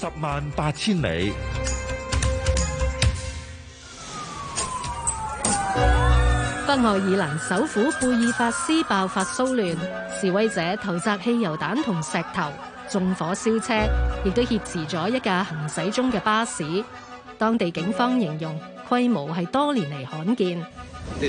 十萬八千里。北愛爾蘭首府貝爾法斯爆發騷亂，示威者投擲汽油彈同石頭，縱火燒車，亦都挾持咗一架行駛中嘅巴士。當地警方形容，規模係多年嚟罕見。The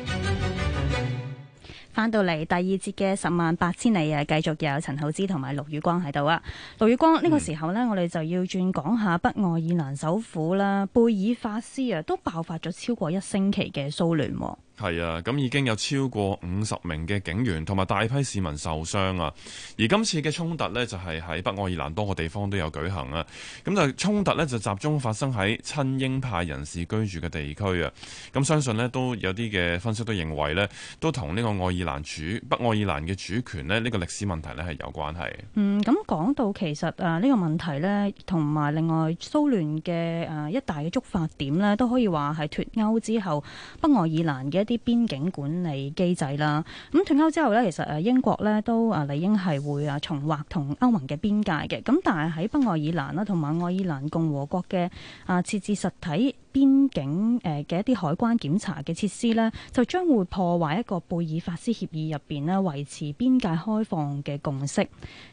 翻到嚟第二節嘅十萬八千里啊，繼續有陳浩之同埋陸宇光喺度啊。陸宇光呢，嗯這個時候呢，我哋就要轉講下北愛爾蘭首府啦，貝爾法斯啊，都爆發咗超過一星期嘅騷亂。係啊，咁已經有超過五十名嘅警員同埋大批市民受傷啊。而今次嘅衝突呢，就係喺北愛爾蘭多個地方都有舉行啊。咁就衝突呢，就集中發生喺親英派人士居住嘅地區啊。咁相信呢，都有啲嘅分析都認為呢，都同呢個愛爾蘭主北愛爾蘭嘅主權呢，呢個歷史問題呢係有關係。嗯，咁講到其實啊，呢個問題呢，同埋另外騷亂嘅誒一大嘅觸發點呢，都可以話係脱歐之後北愛爾蘭嘅啲邊境管理機制啦，咁脫歐之後咧，其實誒英國咧都啊理應係會啊重劃同歐盟嘅邊界嘅。咁但係喺北愛爾蘭啦，同埋愛爾蘭共和國嘅啊設置實體邊境誒嘅一啲海關檢查嘅設施咧，就將會破壞一個貝爾法斯協議入邊咧維持邊界開放嘅共識，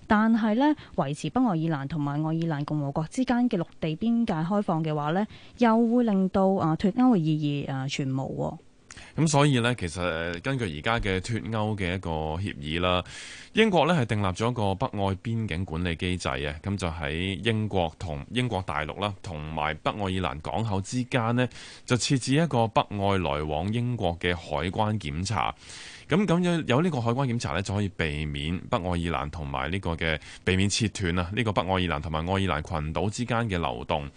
但係咧維持北愛爾蘭同埋愛爾蘭共和國之間嘅陸地邊界開放嘅話咧，又會令到啊脫歐嘅意義啊全無哦。咁所以呢，其實根據而家嘅脫歐嘅一個協議啦，英國呢係訂立咗一個北愛邊境管理機制啊，咁就喺英國同英國大陸啦，同埋北愛爾蘭港口之間呢，就設置一個北愛來往英國嘅海關檢查。咁咁樣有呢個海關檢查呢，就可以避免北愛爾蘭同埋呢個嘅避免切斷啊，呢個北愛爾蘭同埋愛爾蘭群島之間嘅流動。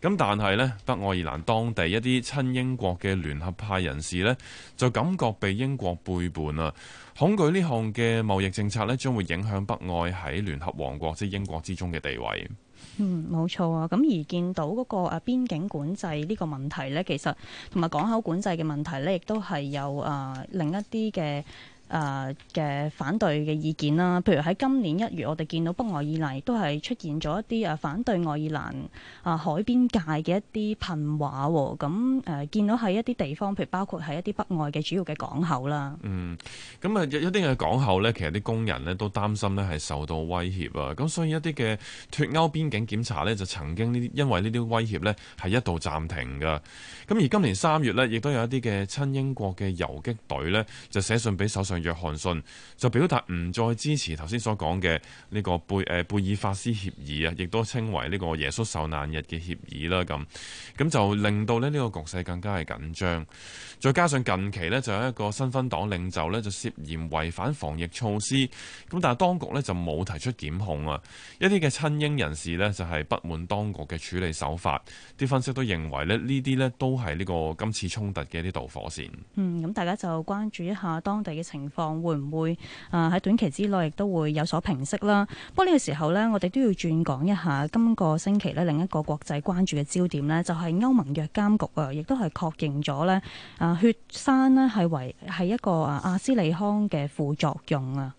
咁但係呢北愛爾蘭當地一啲親英國嘅聯合派人士呢，就感覺被英國背叛啊！恐懼呢項嘅貿易政策呢，將會影響北愛喺聯合王國即英國之中嘅地位。嗯，冇錯啊！咁而見到嗰個啊邊境管制呢個問題呢，其實同埋港口管制嘅問題呢，亦都係有啊、呃、另一啲嘅。誒、呃、嘅反對嘅意見啦，譬如喺今年一月，我哋見到北愛爾蘭亦都係出現咗一啲誒反對愛爾蘭啊、呃、海邊界嘅一啲噴畫喎。咁、哦、誒、呃、見到喺一啲地方，譬如包括喺一啲北愛嘅主要嘅港口啦。嗯，咁啊一啲嘅港口呢，其實啲工人呢都擔心呢係受到威脅啊。咁所以一啲嘅脫歐邊境檢查呢，就曾經呢因為呢啲威脅呢係一度暫停噶。咁而今年三月呢，亦都有一啲嘅親英國嘅游擊隊呢，就寫信俾首相。約翰遜就表達唔再支持頭先所講嘅呢個貝誒、呃、貝爾法斯協議啊，亦都稱為呢個耶穌受難日嘅協議啦。咁咁就令到咧呢個局勢更加係緊張。再加上近期咧就有一個新芬黨領袖咧就涉嫌違反防疫措施，咁但係當局咧就冇提出檢控啊。一啲嘅親英人士咧就係不滿當局嘅處理手法，啲分析都認為咧呢啲咧都係呢個今次衝突嘅一啲導火線。嗯，咁大家就關注一下當地嘅情況況會唔會啊？喺短期之內亦都會有所平息啦。不過呢個時候呢，我哋都要轉講一下今個星期咧，另一個國際關注嘅焦點呢，就係歐盟藥監局啊，亦都係確認咗呢啊，血栓呢係為係一個啊阿斯利康嘅副作用啊。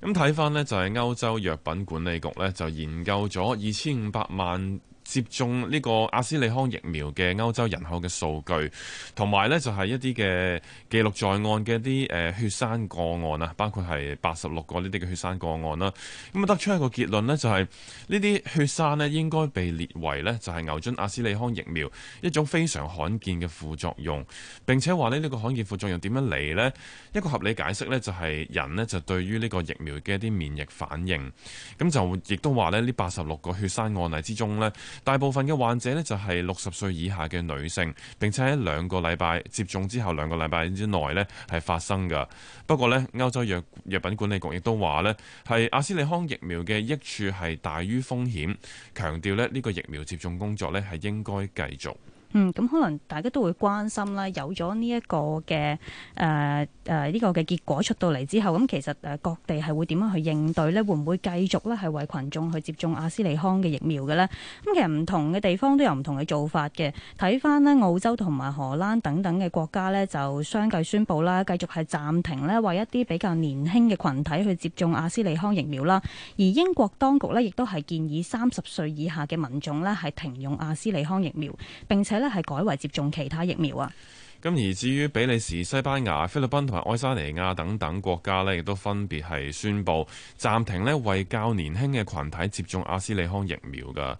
咁睇翻呢，就係歐洲藥品管理局呢，就研究咗二千五百萬。接種呢個阿斯利康疫苗嘅歐洲人口嘅數據，同埋呢就係一啲嘅記錄在案嘅一啲誒血栓個案啊，包括係八十六個呢啲嘅血栓個案啦。咁啊得出一個結論呢，就係呢啲血栓呢應該被列為呢，就係牛津阿斯利康疫苗一種非常罕見嘅副作用。並且話呢，呢個罕見副作用點樣嚟呢？一個合理解釋呢，就係人呢就對於呢個疫苗嘅一啲免疫反應。咁就亦都話呢，呢八十六個血栓案例之中呢。大部分嘅患者呢，就係六十歲以下嘅女性，並且喺兩個禮拜接種之後兩個禮拜之內呢，係發生㗎。不過呢，歐洲藥藥品管理局亦都話呢，係阿斯利康疫苗嘅益處係大於風險，強調呢，呢個疫苗接種工作呢，係應該繼續。嗯，咁可能大家都會關心啦，有咗呢一個嘅呢、呃啊呢個嘅結果出到嚟之後，咁其實誒各地係會點樣去應對呢？會唔會繼續呢？係為群眾去接種阿斯利康嘅疫苗嘅呢？咁其實唔同嘅地方都有唔同嘅做法嘅。睇翻呢澳洲同埋荷蘭等等嘅國家呢，就相繼宣布啦，繼續係暫停呢，為一啲比較年輕嘅群體去接種阿斯利康疫苗啦。而英國當局呢，亦都係建議三十歲以下嘅民眾呢，係停用阿斯利康疫苗，並且咧係改為接種其他疫苗啊。咁而至於比利時、西班牙、菲律賓同埋愛沙尼亞等等國家呢，亦都分別係宣布暫停呢為較年輕嘅群體接種阿斯利康疫苗噶。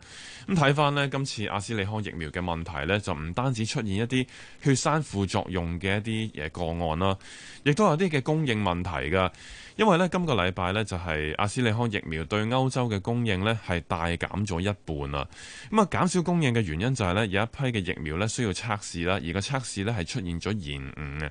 咁睇翻呢，今次阿斯利康疫苗嘅問題呢，就唔單止出現一啲血栓副作用嘅一啲誒個案啦，亦都有啲嘅供應問題噶。因為呢，今個禮拜呢，就係阿斯利康疫苗對歐洲嘅供應呢，係大減咗一半啦。咁啊減少供應嘅原因就係呢，有一批嘅疫苗呢，需要測試啦，而個測試呢。出現咗延誤啊，嗯！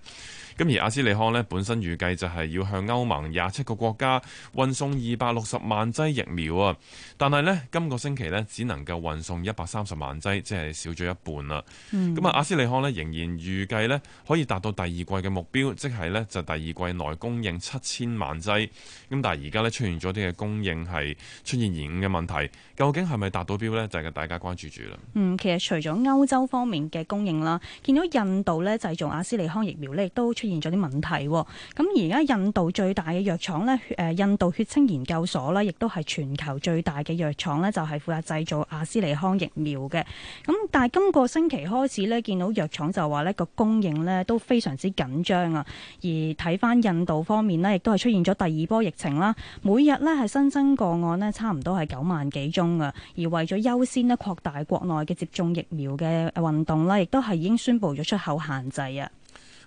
咁而阿斯利康咧本身預計就係要向歐盟廿七個國家運送二百六十萬劑疫苗啊，但係呢，今個星期咧只能夠運送一百三十萬劑，即係少咗一半啦。咁、嗯、啊，阿斯利康咧仍然預計咧可以達到第二季嘅目標，即係呢就第二季內供應七千萬劑。咁但係而家咧出現咗啲嘅供應係出現延誤嘅問題，究竟係咪達到標呢？就係、是、大家關注住啦。嗯，其實除咗歐洲方面嘅供應啦，見到印度咧製造阿斯利康疫苗咧都出出現咗啲問題，咁而家印度最大嘅藥廠咧，誒，印度血清研究所啦，亦都係全球最大嘅藥廠咧，就係負責製造阿斯利康疫苗嘅。咁但係今個星期開始咧，見到藥廠就話呢個供應咧都非常之緊張啊。而睇翻印度方面呢，亦都係出現咗第二波疫情啦，每日呢係新增個案呢，差唔多係九萬幾宗啊。而為咗優先呢擴大國內嘅接種疫苗嘅運動啦，亦都係已經宣布咗出口限制啊。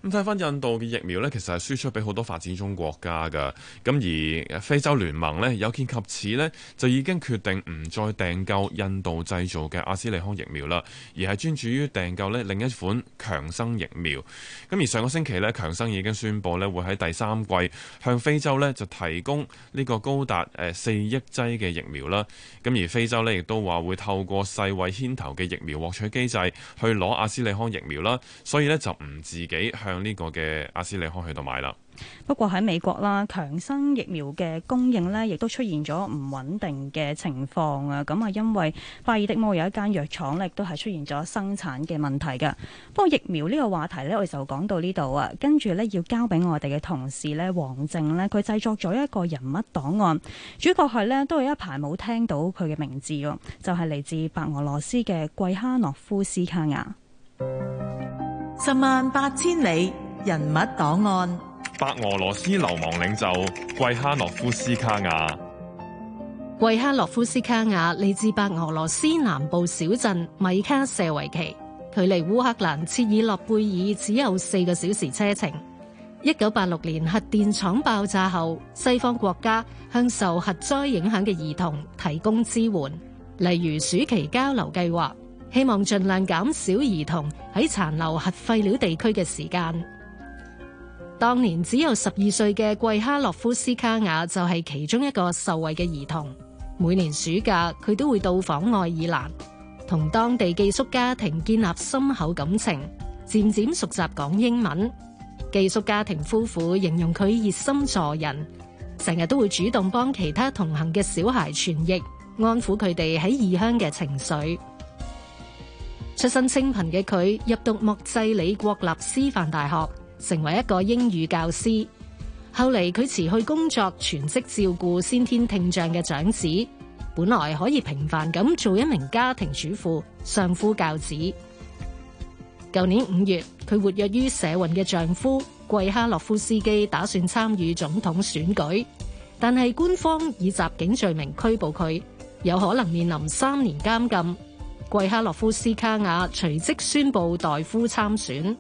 咁睇翻印度嘅疫苗呢，其實係輸出俾好多發展中國家㗎。咁而非洲聯盟呢，有見及此呢，就已經決定唔再訂購印度製造嘅阿斯利康疫苗啦，而係專注於訂購呢另一款強生疫苗。咁而上個星期呢，強生已經宣布呢會喺第三季向非洲呢就提供呢個高達誒四億劑嘅疫苗啦。咁而非洲呢，亦都話會透過世衛牽頭嘅疫苗獲取機制去攞阿斯利康疫苗啦，所以呢就唔自己向。向呢個嘅阿斯利康去到買啦。不過喺美國啦，強生疫苗嘅供應呢亦都出現咗唔穩定嘅情況啊。咁啊，因為巴爾的摩有一間藥廠亦都係出現咗生產嘅問題㗎。不過疫苗呢個話題呢，我哋就講到呢度啊。跟住呢，要交俾我哋嘅同事呢，王靖呢，佢製作咗一個人物檔案，主角係呢，都有一排冇聽到佢嘅名字咯，就係、是、嚟自白俄羅斯嘅季哈諾夫斯卡婭。十萬八千里人物檔案：白俄羅斯流亡領袖季哈諾夫斯卡婭。季哈諾夫斯卡婭嚟自白俄羅斯南部小鎮米卡舍維奇，距離烏克蘭切爾諾貝爾只有四個小時車程。一九八六年核電廠爆炸後，西方國家向受核災影響嘅兒童提供支援，例如暑期交流計劃。希望儘量減少兒童喺殘留核廢料地區嘅時間。當年只有十二歲嘅季哈諾夫斯卡婭就係其中一個受惠嘅兒童。每年暑假，佢都會到訪愛爾蘭，同當地寄宿家庭建立深厚感情，漸漸熟習講英文。寄宿家庭夫婦形容佢熱心助人，成日都會主動幫其他同行嘅小孩傳譯，安撫佢哋喺異鄉嘅情緒。出身清貧嘅佢入讀莫濟里國立師範大學，成為一個英語教師。季哈諾夫斯卡婭隨即宣布代夫參選。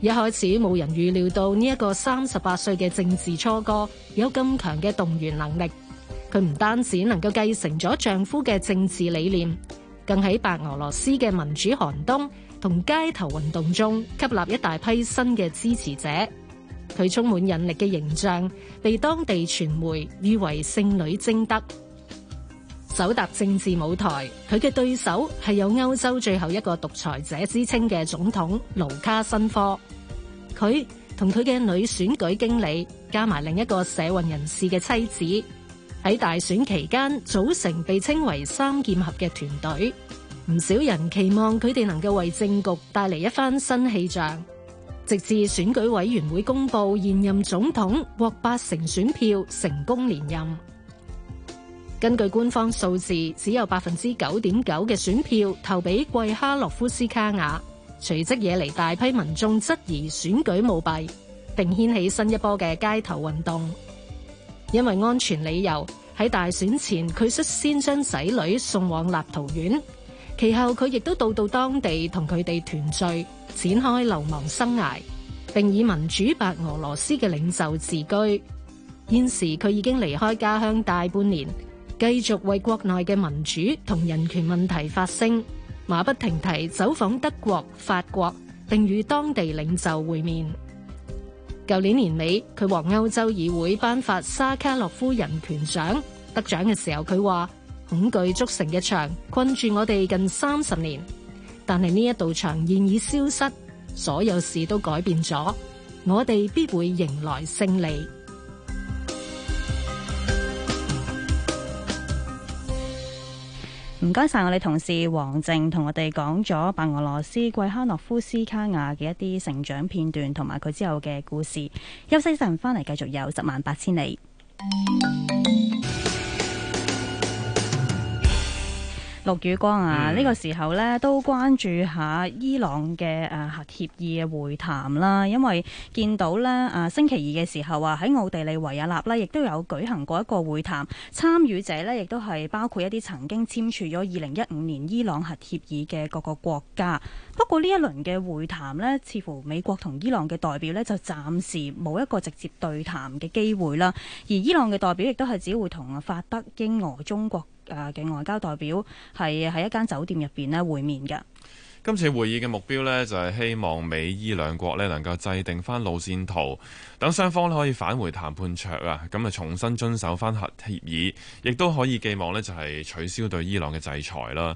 一開始，冇人預料到呢一個三十八歲嘅政治初哥有咁強嘅動員能力。佢唔單止能夠繼承咗丈夫嘅政治理念，更喺白俄羅斯嘅民主寒冬同街頭運動中吸納一大批新嘅支持者。佢充滿引力嘅形象被當地傳媒譽為聖女貞德。走搭政治舞台，佢嘅對手係有歐洲最後一個獨裁者之稱嘅總統盧卡申科。佢同佢嘅女選舉經理，加埋另一個社運人士嘅妻子，喺大選期間組成被稱為三劍俠嘅團隊。唔少人期望佢哋能夠為政局帶嚟一番新氣象。直至選舉委員會公布，現任總統獲八成選票成功連任。根據官方數字，只有百分之九點九嘅選票投俾季哈諾夫斯卡婭，隨即惹嚟，大批民眾質疑選舉舞弊，並掀起新一波嘅街頭運動。因為安全理由，喺大選前，佢率先將仔女送往立陶宛，其後佢亦都到到當地同佢哋團聚，展開流亡生涯，並以民主白俄羅斯嘅領袖自居。現時佢已經離開家鄉大半年繼續為國內嘅民主同人權問題發聲，馬不停蹄走訪德國法國，並與當地領袖會面。舊年年尾佢獲歐洲議會頒發沙卡洛夫人權獎，得獎嘅時候佢話，恐懼築成嘅牆困住我哋近三十年，但係呢一道牆現已消失，所有事都改變咗，我哋必會迎來勝利。唔該晒我哋同事王靖，同我哋講咗白俄羅斯季哈諾夫斯卡亞嘅一啲成長片段，同埋佢之後嘅故事。休息一陣，翻嚟繼續有十萬八千里。陸宇光啊，呢、嗯這個時候呢都關注下伊朗嘅誒、啊、核協議嘅會談啦，因為見到呢誒、啊、星期二嘅時候啊，喺奧地利維也納呢亦都有舉行過一個會談，參與者呢亦都係包括一啲曾經簽署咗二零一五年伊朗核協議嘅各個國家。不過呢一輪嘅會談呢，似乎美國同伊朗嘅代表呢就暫時冇一個直接對談嘅機會啦，而伊朗嘅代表亦都係只會同法德英俄中國，誒嘅外交代表係喺一間酒店入邊呢會面㗎。今次會議嘅目標呢，就係希望美伊兩國呢能夠制定翻路線圖，等雙方呢可以返回談判桌啊，咁啊重新遵守翻核協議，亦都可以寄望呢就係取消對伊朗嘅制裁啦。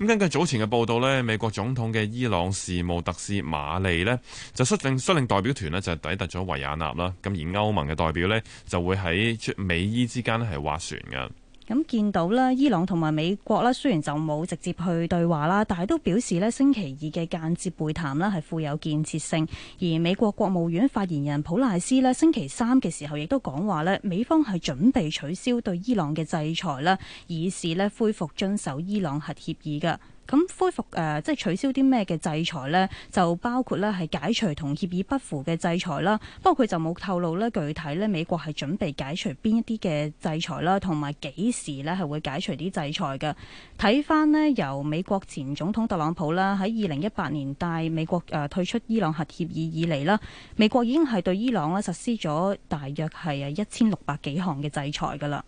咁根據早前嘅報道呢，美國總統嘅伊朗事務特使馬利呢就率定率領代表團呢就抵達咗維也納啦，咁而歐盟嘅代表呢，就會喺美伊之間呢係斡旋㗎。咁見到咧，伊朗同埋美國咧，雖然就冇直接去對話啦，但係都表示呢，星期二嘅間接會談咧係富有建設性。而美國國務院發言人普賴斯呢，星期三嘅時候亦都講話呢，美方係準備取消對伊朗嘅制裁啦，以示呢恢復遵守伊朗核協議嘅。咁恢復誒、啊，即係取消啲咩嘅制裁呢？就包括呢係解除同協議不符嘅制裁啦。不過佢就冇透露呢，具體呢美國係準備解除邊一啲嘅制裁啦，同埋幾時呢係會解除啲制裁嘅。睇返呢，由美國前總統特朗普啦，喺二零一八年帶美國誒退出伊朗核協議以嚟啦，美國已經係對伊朗呢實施咗大約係一千六百幾項嘅制裁㗎啦。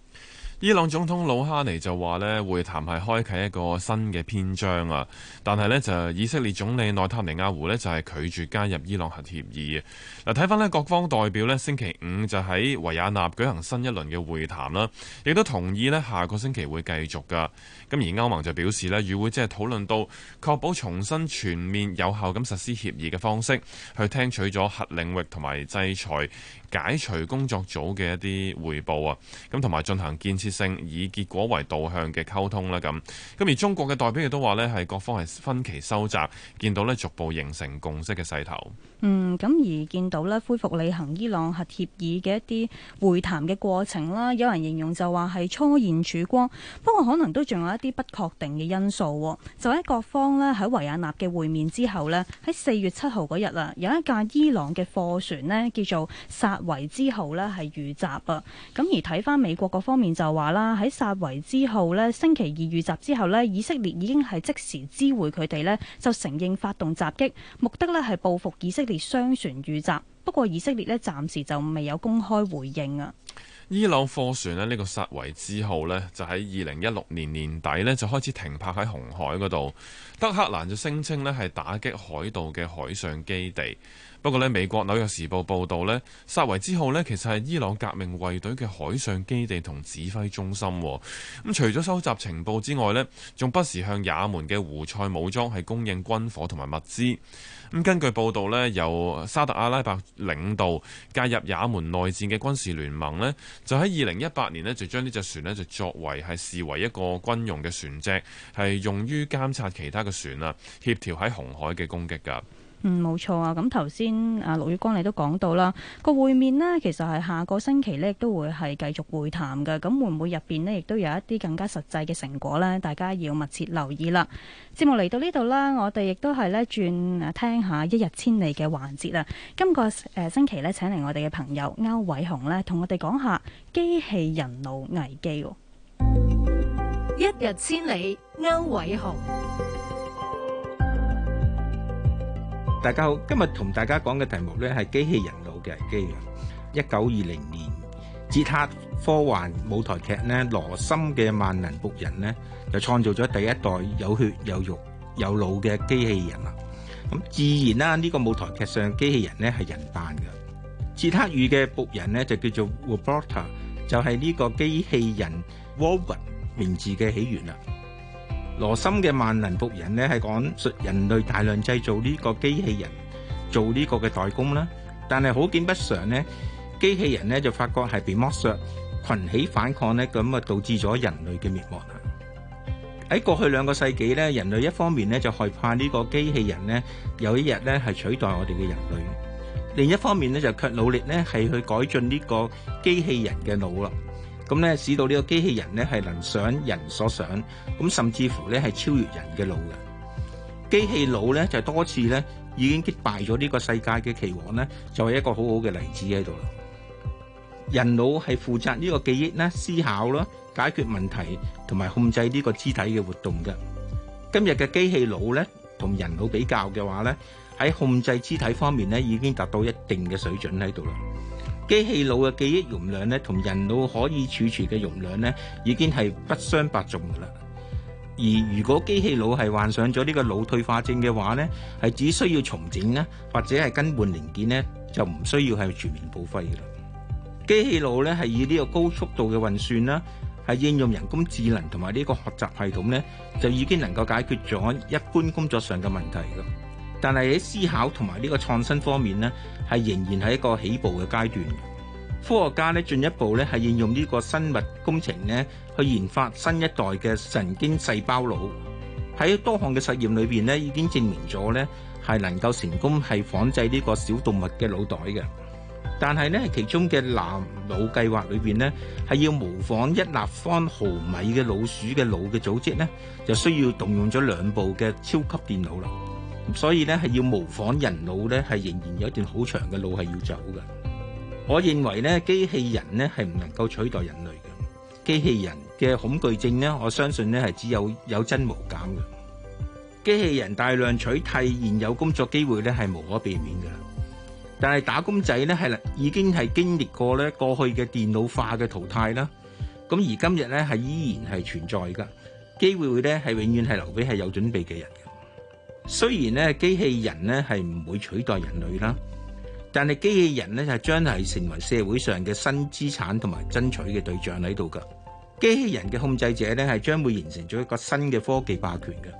伊朗總統魯哈尼就話呢，會談係開啟一個新嘅篇章啊！但係呢，就以色列總理內塔尼亞胡呢，就係拒絕加入伊朗核協議嘅。嗱，睇返呢各方代表呢，星期五就喺維也納舉行新一輪嘅會談啦，亦都同意呢下個星期會繼續㗎。咁而歐盟就表示呢，與會即係討論到確保重新全面有效咁實施協議嘅方式，去聽取咗核領域同埋制裁解除工作組嘅一啲彙報啊，咁同埋進行建設性以結果為導向嘅溝通啦，咁咁而中國嘅代表亦都話咧，係各方係分歧收窄，見到咧逐步形成共識嘅勢頭。嗯，咁而見到咧恢復履行伊朗核協議嘅一啲會談嘅過程啦，有人形容就話，係初現曙光，不過可能都仲有一啲不確定嘅因素。就喺各方咧喺維也納嘅會面之後咧，喺四月七號嗰日啊，有一架伊朗嘅貨船咧叫做薩維之號咧，係遇襲啊，咁而睇翻美國各方面就話啦，喺薩維之號咧，星期二遇襲之後咧，以色列已經係即時知會佢哋呢就承認發動襲擊，目的呢係報復以色列商船遇襲。不過以色列呢暫時就未有公開回應啊。伊朗貨船咧呢個薩維之號呢，就喺二零一六年年底呢就開始停泊喺紅海嗰度，德黑蘭就聲稱呢係打擊海盜嘅海上基地。不過咧，美國紐約時報報道呢薩維之號呢，其實係伊朗革命衛隊嘅海上基地同指揮中心。咁除咗收集情報之外呢，仲不時向也門嘅胡塞武裝係供應軍火同埋物資。咁根據報道呢由沙特阿拉伯領導介入也門內戰嘅軍事聯盟呢，就喺二零一八年呢，就將呢隻船呢，就作為係視為一個軍用嘅船隻，係用於監察其他嘅船啊，協調喺紅海嘅攻擊㗎。嗯，冇錯啊！咁頭先啊，盧宇光你都講到啦，個會面呢，其實係下個星期咧，都會係繼續會談嘅。咁會唔會入邊呢，亦都有一啲更加實際嘅成果呢？大家要密切留意啦。節目嚟到呢度啦，我哋亦都係咧轉誒聽一下一日千里嘅環節啊。今個誒星期呢，請嚟我哋嘅朋友歐偉雄呢，同我哋講下機器人腦危機喎。一日千里，歐偉雄。大家好，今日同大家講嘅題目咧係機器人腦嘅危機。一九二零年，捷克科幻舞台劇咧《羅森嘅萬能僕人》咧就創造咗第一代有血有肉有腦嘅機器人啦。咁自然啦，呢、這個舞台劇上機器人咧係人扮嘅。捷克語嘅僕人咧就叫做 robota，就係、是、呢個機器人 robot 名字嘅起源啦。羅森嘅萬能僕人呢係講述人類大量製造呢個機器人做呢個嘅代工啦，但係好景不常呢，機器人呢就發覺係被剝削，群起反抗呢，咁啊導致咗人類嘅滅亡啊！喺過去兩個世紀呢，人類一方面呢就害怕呢個機器人呢有一日呢係取代我哋嘅人類，另一方面呢就卻努力呢係去改進呢個機器人嘅腦啦。咁咧，使到呢個機器人咧係能想人所想，咁甚至乎咧係超越人嘅腦嘅機器腦咧，就多次咧已經擊敗咗呢個世界嘅棋王咧，就係、是、一個好好嘅例子喺度啦。人腦係負責呢個記憶啦、思考啦、解決問題同埋控制呢個肢體嘅活動嘅。今日嘅機器腦咧同人腦比較嘅話咧，喺控制肢體方面咧已經達到一定嘅水準喺度啦。機器腦嘅記憶容量咧，同人腦可以儲存嘅容量咧，已經係不相伯仲噶啦。而如果機器腦係患上咗呢個腦退化症嘅話咧，係只需要重整啊，或者係更換零件咧，就唔需要係全面報廢噶啦。機器腦咧係以呢個高速度嘅運算啦，係應用人工智能同埋呢個學習系統咧，就已經能夠解決咗一般工作上嘅問題噶但係喺思考同埋呢個創新方面咧，係仍然係一個起步嘅階段。科學家咧進一步咧係應用呢個生物工程咧去研發新一代嘅神經細胞腦。喺多項嘅實驗裏邊咧已經證明咗咧係能夠成功係仿製呢個小動物嘅腦袋嘅。但係咧其中嘅藍腦計劃裏邊咧係要模仿一立方毫米嘅老鼠嘅腦嘅組織咧，就需要動用咗兩部嘅超級電腦啦。所以咧係要模仿人腦咧，係仍然有一段好長嘅路係要走噶。我認為咧，機器人咧係唔能夠取代人類嘅。機器人嘅恐懼症咧，我相信咧係只有有增無減嘅。機器人大量取代現有工作機會咧係無可避免噶。但係打工仔咧係啦，已經係經歷過咧過去嘅電腦化嘅淘汰啦。咁而今日咧係依然係存在噶。機會咧係永遠係留俾係有準備嘅人。雖然咧機器人咧係唔會取代人類啦，但係機器人咧就將係成為社會上嘅新資產同埋爭取嘅對象喺度噶。機器人嘅控制者咧係將會形成咗一個新嘅科技霸權噶，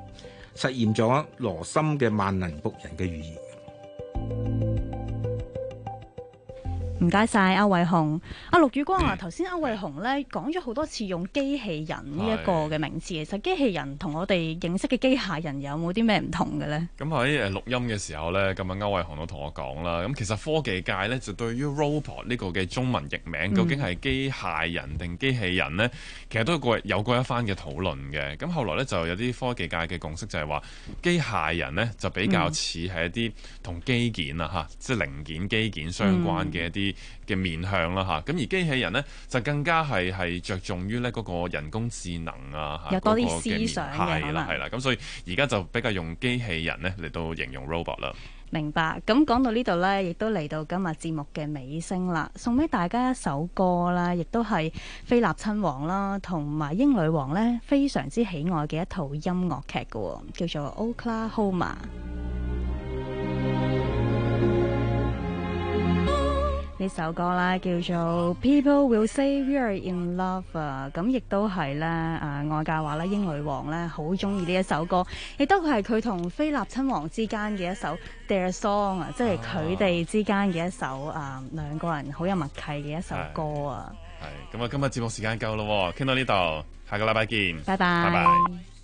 實現咗羅森嘅萬能僕人嘅預言。唔該晒，區煒洪。阿、啊、陸宇光啊，頭、嗯、先區煒洪咧講咗好多次用機器人呢一個嘅名字。其實機器人同我哋認識嘅機械人有冇啲咩唔同嘅咧？咁、嗯、喺錄音嘅時候咧，咁啊區煒洪都同我講啦。咁其實科技界咧就對於 robot 呢個嘅中文譯名，究竟係機械人定機器人咧？其實都有過一番嘅討論嘅。咁後來咧就有啲科技界嘅共識就係話機械人咧就比較似係一啲同機件、嗯、啊，嚇，即係零件機件相關嘅一啲。嘅面向啦嚇，咁而機器人呢，就更加係係着重於呢嗰個人工智能啊，有多啲思想嘅可能啦係啦。咁所以而家就比較用機器人呢嚟到形容 robot 啦。明白。咁講到呢度呢，亦都嚟到今日節目嘅尾聲啦。送俾大家一首歌啦，亦都係菲臘親王啦同埋英女王呢，非常之喜愛嘅一套音樂劇嘅，叫做 Oklahoma。呢首歌啦，叫做 People Will Say We're In Love 啊，咁亦都係咧，啊外界話啦。英女王咧好中意呢一首歌，亦都係佢同菲臘親王之間嘅一首 Their Song 啊，啊，即係佢哋之間嘅一首啊兩個人好有默契嘅一首歌啊。係咁啊，今日節目時間夠咯，傾到呢度，下個禮拜見。拜拜。Bye bye bye bye